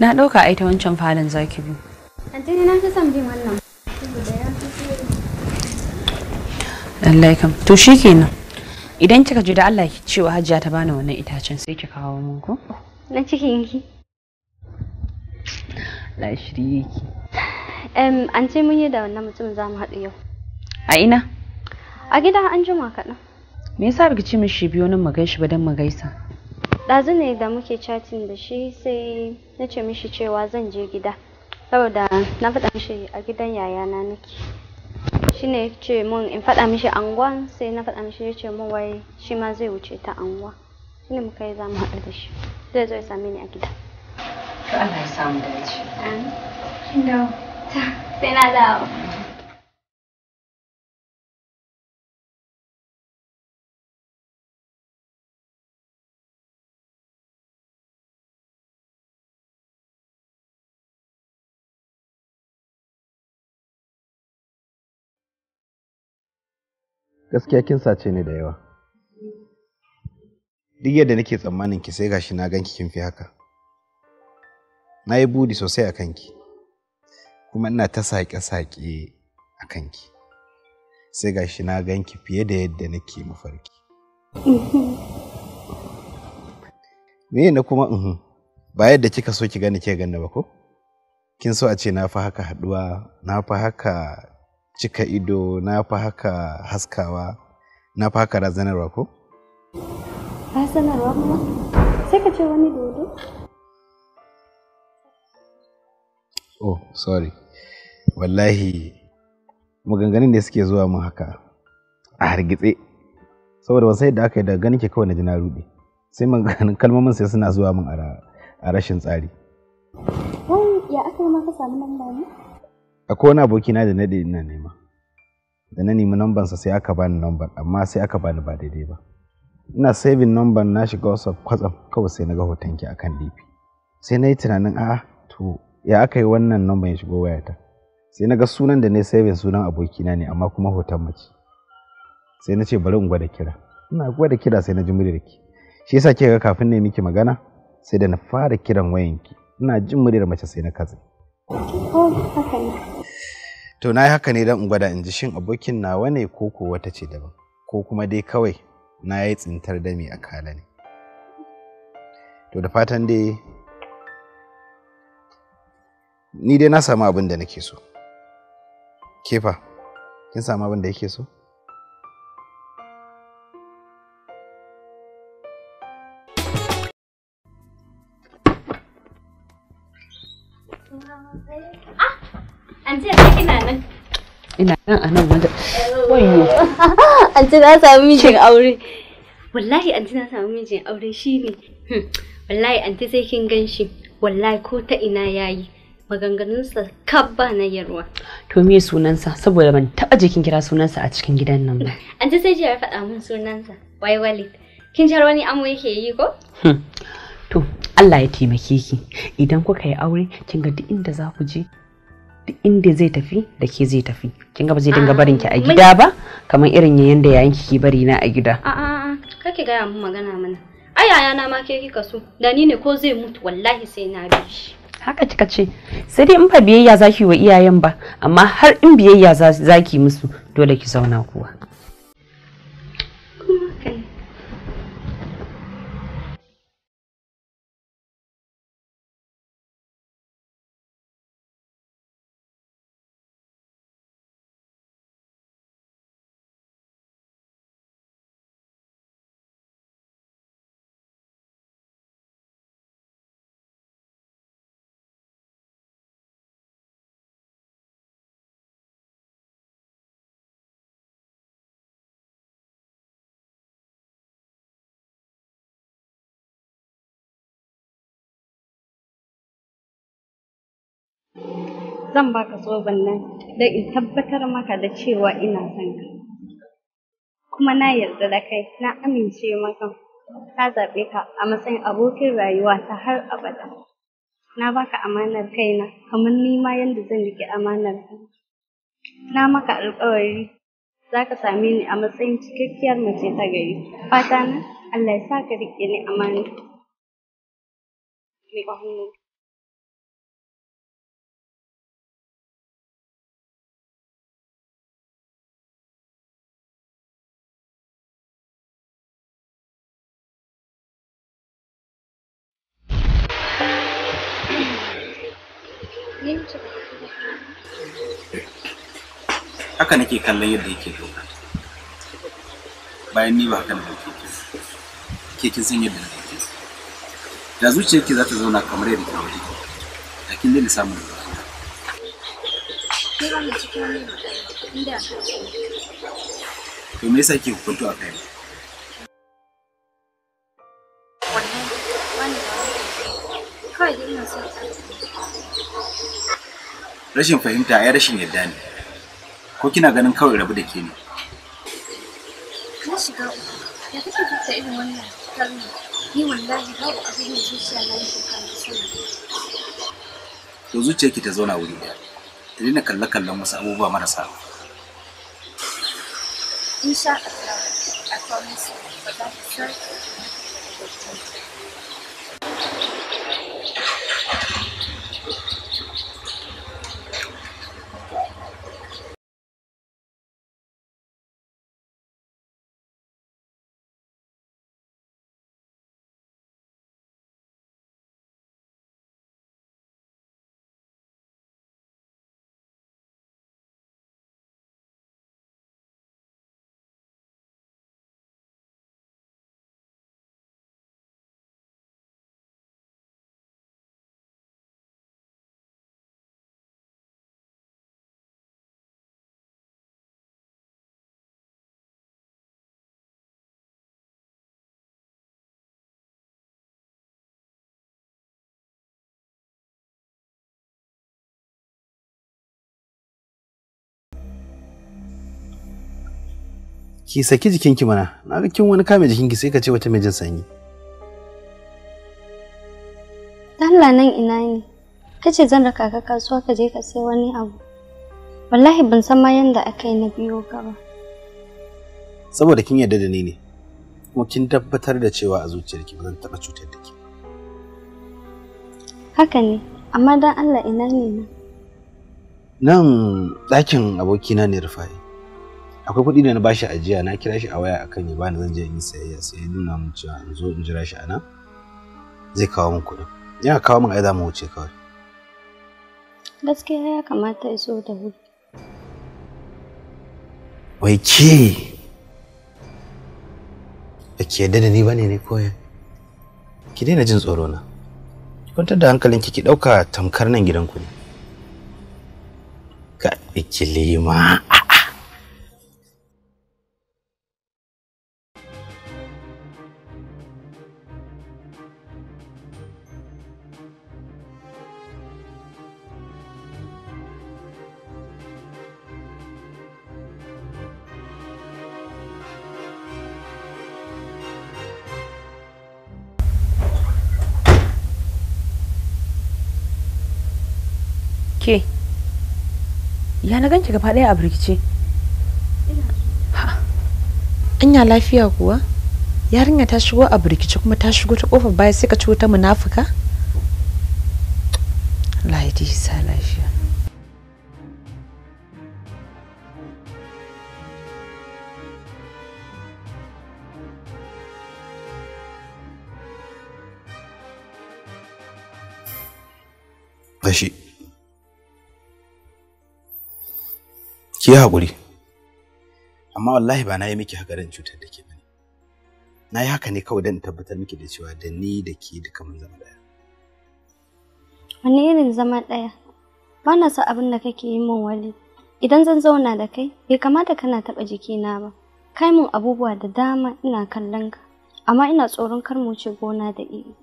Na ɗauka ai wancan falin zaki bi. Anti na fi son bin wannan. Allah kam. To shi kenan, Idan kika ji da Allah ki cewa Hajiya ta bani wannan itacen sai ki kawo mun ko? Na cikin yake. La shirye ki. an ce mun yi da wannan mutum za mu haɗu yau. A ina? A gida an jima kaɗan. Me yasa baki ce shi biyo nan mu gaishe ba don mu gaisa? ɗazu ne da muke chatting da shi sai na ce mishi cewa zan je gida saboda na faɗa mishi a gidan yayana nake shi ne ce mun in faɗa mishi anguwan sai na faɗa mishi ya ce mun wai shi ma zai wuce ta anguwa shi ne muka yi za mu haɗu da shi zai zo ya same ni a gida to Allah ya samu dace kin dawo ta sai na dawo gaskiya kin sace ni da yawa duk yadda nake tsammanin ki sai gashi na ganki kin fi haka na yi budi sosai a kanki kuma ina ta saƙe-saƙe a kanki sai gashi na ganki fiye da yadda nake mafarki me na kuma uhu ba yadda kika so ki gane ke ganna ba ko kin so a ce na fa haka haduwa na fa haka cika ido na fi haka haskawa na fi haka razanarwa ko? razanarwa kuma sai ka ce wani dodo? oh sorry wallahi maganganun da suke zuwa mun haka a hargitse saboda wasu yadda aka yi daga ganin ke kawai na jina rudi sai maganganun kalmomin sai suna zuwa mun a rashin tsari wai ya aka yi maka sami nan ne akwai wani abokina da na da ina nema da na nemi nambansa sai aka bani namban amma sai aka bani ba daidai ba ina saving number na shiga wasu kwatsam kawai sai na ga hotonki akan dp sai na yi tunanin A to ya aka yi wannan namban ya shigo wayata sai na ga sunan da na saving sunan abokina ne amma kuma hoton mace sai na ce bari in gwada kira ina gwada kira sai na ji muryarki shi yasa kika ga kafin ne miki magana sai da na fara kiran wayanki ina jin muryar mace sai na katse oh haka ne to na haka ne don in gwada in ji shin abokin nawa ne ko ko wata ce daban ko kuma dai kawai na yi tsintar da mai akala ne to da fatan dai ni dai na samu abin da nake so kefa kin samu abin da yake so Ah, An ce ina nan. a nan wanda. Wayyo. An na samu mijin aure. Wallahi an ce na samu mijin aure shine. Hmm. Wallahi an sai kin ganshi. Wallahi ko ta ina yayi. sa kabba na yarwa. To me sunansa saboda ban taba jikin kira sunansa a cikin gidan nan ba. An sai sai ya faɗa min sunansa. Wai Walid. Kin jar wani amo yake yi ko? Hmm. To Allah ya taimake ki idan kuka yi aure kin ga duk inda za ku je duk inda zai tafi da ke zai tafi kin ga ba zai dinga ah, barin ki a gida ba kamar irin yanda da yayin ki bari na a gida a'a ah, ah, kake gaya mun magana mana ai yaya na ma ke kika so da ni ne ko zai mutu wallahi sai na bi shi haka kika ce sai dai in ba biyayya zaki wa iyayen ba amma har in biyayya zaki musu dole ki zauna kuwa zan baka zoben nan don in tabbatar maka da cewa ina son ka kuma na yarda da kai na amince maka ka zaɓe ka a matsayin abokin rayuwa ta har abada na baka amanar kaina kamar nima yadda zan riƙe amanar ka na maka alƙawari za ka same ni a matsayin cikakkiyar mace ta gari fata na Allah ya sa ka riƙe ni amana mai haka nake kallon yadda yake doka bayan ni ba haka na ke kin san yadda nake ke da zuciyar ki za ta zauna kamar yadda ta waje da kin dai samun da to me yasa ke kwanto a kai Kawai dai ina son Rashin fahimta ya rashin yarda ne. Ko kina ganin kawai rabu da ke ne? Na shiga uku. Ya kake fita irin wannan kalma? Ni wallahi babu abin da zuciya na yake kan sana. To zuciyarki ta zauna wuri ɗaya. Ta daina kalle kallen wasu abubuwa marasa. Insha Allah, I promise, but that's ki saki jikinki mana na ga kin wani kame jikinki sai ka ce wata mai jin sanyi Allah nan ina ne kace zan raka ka kasuwa ka je ka sai wani abu wallahi ban san ma yanda aka yi na biyo ka ba saboda kin yarda da ni ne kuma kin tabbatar da cewa a zuciyarki ba zan taɓa cutar da ke haka ne amma dan Allah ina ne nan ɗakin abokina ne rufa'i akwai kuɗi da na bashi ajiya na kira shi a waya akan ya bani zan je in yi sayayya sai ya nuna min cewa in zo in jira shi a nan zai kawo min kuɗin yana kawo min ai za mu wuce kawai gaskiya ya kamata ya so da wuri wai ke ba ki yarda da ni bane ne koya ki daina jin tsoro na kwantar da hankalinki ki ɗauka tamkar nan gidanku ne ka ikilima ya na ganki gaba daya a birkice anya lafiya kuwa yarinya ta shigo a birkice kuma ta shigo ta kofar baya sai ka ci wata munafuka laidi sa lafiya ki hakuri. amma wallahi ba na yi miki hakarin cutar da ke bane na yi haka ne kawai dan tabbatar miki da cewa da ni da ke duka mun zama ɗaya wani irin zama ɗaya ba na sa abin da kake yi min wali idan zan zauna da kai bai kamata kana taɓa jikina ba kai mun abubuwa da dama ina kallon ka amma ina tsoron kar mu ce gona da iri.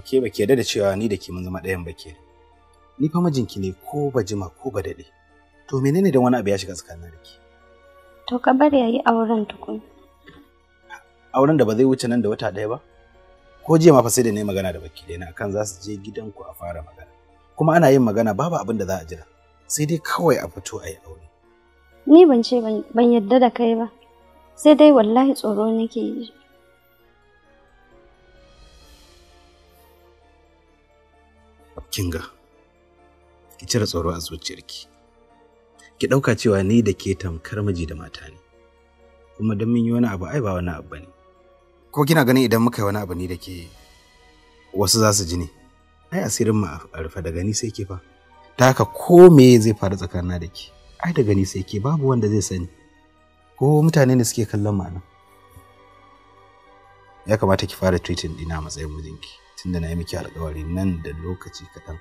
Ok, ba ke da cewa ni da ke mun zama ɗayan ba ke. ni fa mijinki ne ko ba jima ko ba daɗe to menene da wani abu ya shiga tsakanin da ke to ka bari yayi auren tukun auren da ba zai wuce nan da wata ɗaya ba ko jiya ma fa sai da ne magana da baki dai na akan za su je gidanku a fara magana kuma ana yin magana babu abin da za a jira sai dai kawai a fito a yi aure ni ban ce ban yadda da kai ba sai dai wallahi tsoro nake yi kinga ki cire tsoro a zuciyarki ki ɗauka cewa ni da ke tamkar miji da mata ne kuma don mun yi wani abu ai ba wani abu bane ko kina ganin idan muka yi wani abu ni da ke wasu za su ji ne ai asirin mu a rufe daga ni sai ke fa ta haka ko me zai faru tsakanina da ke ai daga ni sai ke babu wanda zai sani ko mutane ne suke kallon ma'ana ya kamata ki fara tweeting dina matsayin mijinki tunda na yi miki alkawari nan da lokaci kaɗan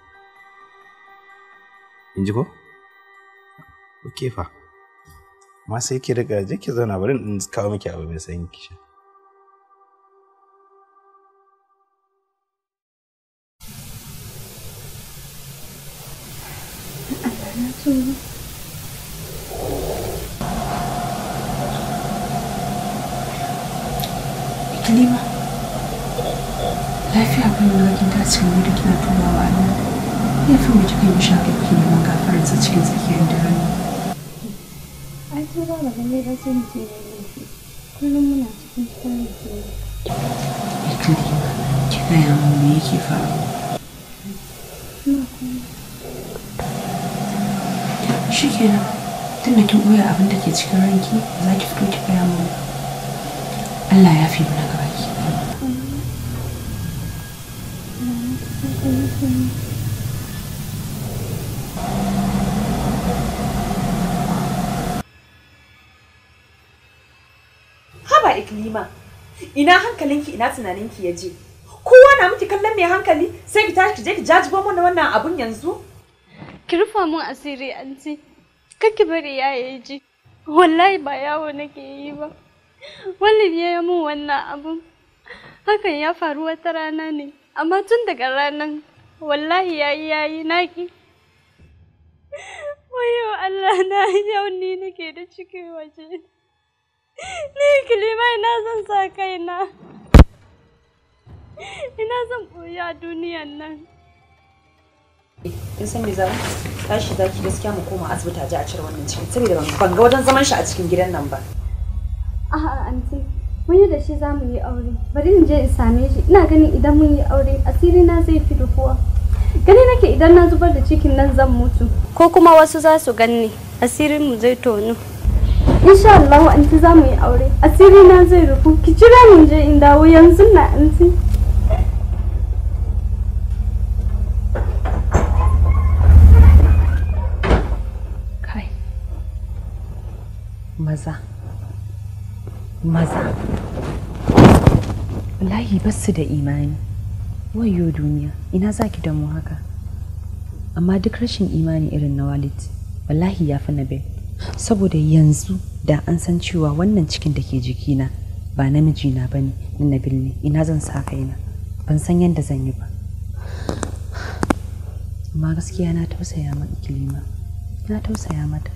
in ji ko ok fa ma sai ki riga je ki zauna bari in kawo miki abu mai sanyi ki sha Ikilima, lafiya bai wulakin ta cikin gudu kina tunawa a nan. laifin da kika yi shaƙaƙƙi neman gafararsa cikin tsakiyar dare. ai ko ba ne ba sai mutum ya laifi kullum muna cikin tsari ke. ikili ki gaya min me yake faruwa. shi kenan tun da abin da ke cikin ranki za ki fito ki gaya min Allah ya fi mana gaba ki. Halima ina hankalinki ina tunaninki ya je kowa na miki kallon mai hankali sai ki tashi ki je ki jajibo mana wannan abun yanzu ki rufa mun asiri anti kake bari ya yi ji wallahi ba yawo nake yi ba wallahi ya yi mun wannan abun hakan ya faru wata rana ne amma tun daga ranar wallahi yayi yayi naki wayo Allah na yau ni nake da cikin waje ne kilima ina zan sa kaina ina zan ɓoya a duniyan nan in san me zama tashi zaki gaskiya mu koma asibiti a ji a cire wannan cikin saboda ban ga wajen zaman shi a cikin gidan nan ba a'a anti mun yi da shi za mu yi aure bari in je in same shi ina ganin idan mun yi aure asiri na zai fi duhuwa gani nake idan na zubar da cikin nan zan mutu ko kuma wasu za su ganni asirin mu zai tonu insha Allah anti za mu yi aure asiri na zai rufu ki jira mun je in dawo yanzu na anti kai maza maza wallahi basu da imani wayo duniya ina zaki da mu haka amma duk rashin imani irin na walid wallahi ya fi na bai saboda yanzu da an san cewa wannan cikin da ke jikina ba namijina ba ne na nabil ne ina zan sa kaina ban san yadda zan yi ba amma gaskiya na tausaya ma ikilima na tausaya mata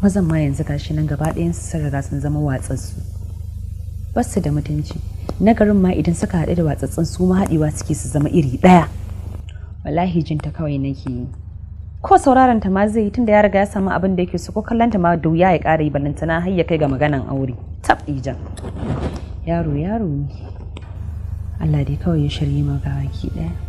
mazan ma yanzu gashi nan gaba ɗayan su riga sun zama watsatsu basu da mutunci na garin ma idan suka haɗu da watsatsun su ma haɗewa suke su zama iri ɗaya wallahi jinta kawai nake yi ko sauraron ta ma zai yi tunda ya riga ya samu abin da yake so ko kallon ta ma da wuya ya ƙara yi balantana har ya kai ga maganan aure tab ijan yaro yaro ne Allah dai kawai ya shirye maka baki ɗaya